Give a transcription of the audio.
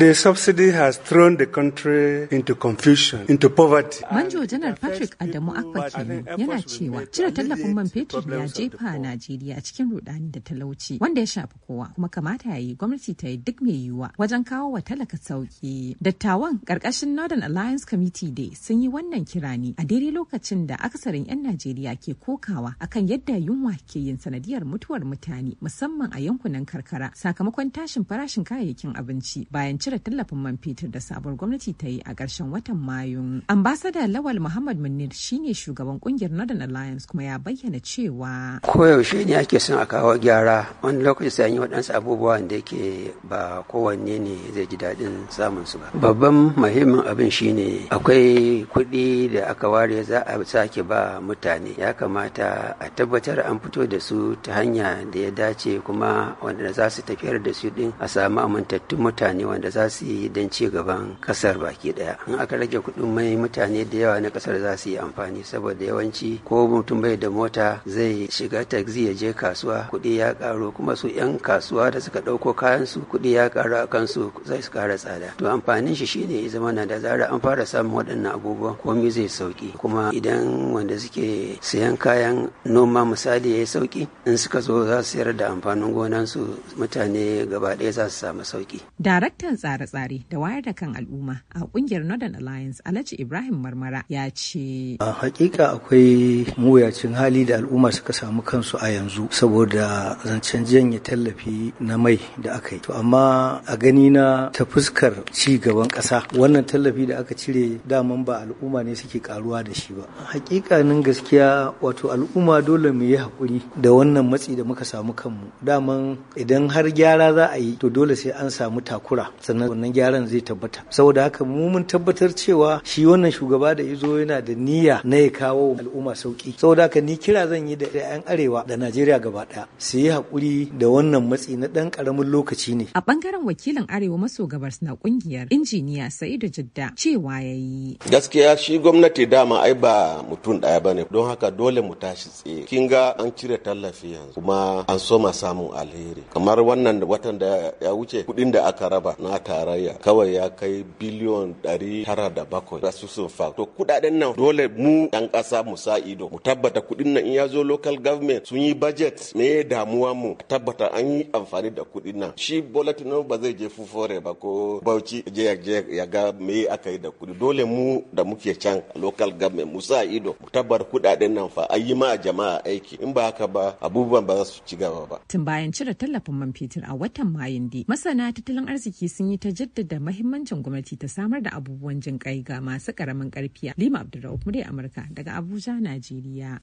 The subsidy has thrown the country into confusion, into poverty. manjo Janar Patrick Adamu Akpa kenan yana cewa cire tallafin man fetur ya jefa Najeriya cikin rudani da talauci wanda ya shafi kowa kuma kamata ya yi gwamnati ta yi duk mai yiwuwa wajen kawo wa talaka sauki. Dattawan karkashin Northern Alliance Committee Day sun yi wannan kirani, a daidai lokacin da akasarin 'yan Najeriya ke kokawa akan yadda yunwa ke yin sanadiyar mutuwar mutane musamman a yankunan karkara sakamakon tashin farashin kayayyakin abinci bayan cin cire tallafin man fetur da sabuwar gwamnati ta yi a ƙarshen watan Mayu. Ambasada Lawal Muhammad Munir shine shugaban kungiyar Northern Alliance kuma ya bayyana cewa koyaushe ne ake son a kawo gyara wani lokaci sai an yi waɗansu abubuwan da yake ba kowanne ne zai ji daɗin samun su ba. Babban muhimmin abin shine akwai kuɗi da aka ware za a sake ba mutane ya kamata a tabbatar an fito da su ta hanya da ya dace kuma wanda za su tafiyar da su ɗin a samu amintattun mutane wanda za za su yi don ci gaban kasar baki daya in aka rage kuɗin mai mutane da yawa na kasar za su yi amfani saboda yawanci ko mutum bai da mota zai shiga taxi ya je kasuwa kuɗi ya ƙaru kuma su 'yan kasuwa da suka ɗauko kayan su kuɗi ya ƙaru a kansu zai su kara tsada to amfanin shi shine ya zama na da zara an fara samun waɗannan abubuwan komai zai sauki kuma idan wanda suke sayan kayan noma misali ya yi sauki in suka zo za su sayar da amfanin gonansu mutane gaba ɗaya za su samu sauki. Daraktan tsare-tsare da wayar da kan al'umma a kungiyar Northern Alliance Alhaji Ibrahim Marmara ya ce. A hakika akwai muyacin hali da al'umma suka samu kansu a yanzu saboda zancen janye tallafi na mai da aka yi. To amma a gani na ta fuskar ci gaban ƙasa wannan tallafi da aka cire daman ba al'umma ne suke karuwa da shi ba. Hakikanin gaskiya wato al'umma dole mu yi hakuri da wannan matsi da muka samu kanmu. Daman idan har gyara za a yi to dole sai an samu takura. sannan wannan gyaran zai tabbata saboda haka mu mun tabbatar cewa shi wannan shugaba da izo yana da niyya na ya kawo al'umma sauki saboda haka ni kira zan yi da 'yan arewa da Najeriya gaba daya su yi hakuri da wannan matsi na dan karamin lokaci ne a bangaren wakilin arewa maso gabas na kungiyar injiniya Sa'idu Jidda cewa yayi gaskiya shi gwamnati dama ai ba mutum daya bane don haka dole mu tashi tsaye kin ga an cire tallafi yanzu kuma an soma samun alheri kamar wannan watan da ya wuce kudin da aka raba na tarayya kawai ya kai biliyon ɗari tara da bakwai asusun fa to kuɗaɗen nan dole mu ɗan ƙasa mu sa ido mu tabbata kuɗin nan in ya zo local government sun yi budget me damuwa mu tabbata an yi amfani da kuɗin nan shi bola tinubu ba zai je fufore ba ko bauchi je ya ga me aka yi da kuɗi dole mu da muke can local government mu sa ido mu tabbata kudaden nan fa an yi ma jama'a aiki in ba haka ba abubuwan ba za su ci gaba ba tun bayan cire tallafin man fetur a watan mayun di masana tattalin arziki sun yi ta jaddada mahimmancin gwamnati ta samar da abubuwan jin kai ga masu karamin karfi. Lima Abdulrahman murya Amurka daga Abuja, Najeriya.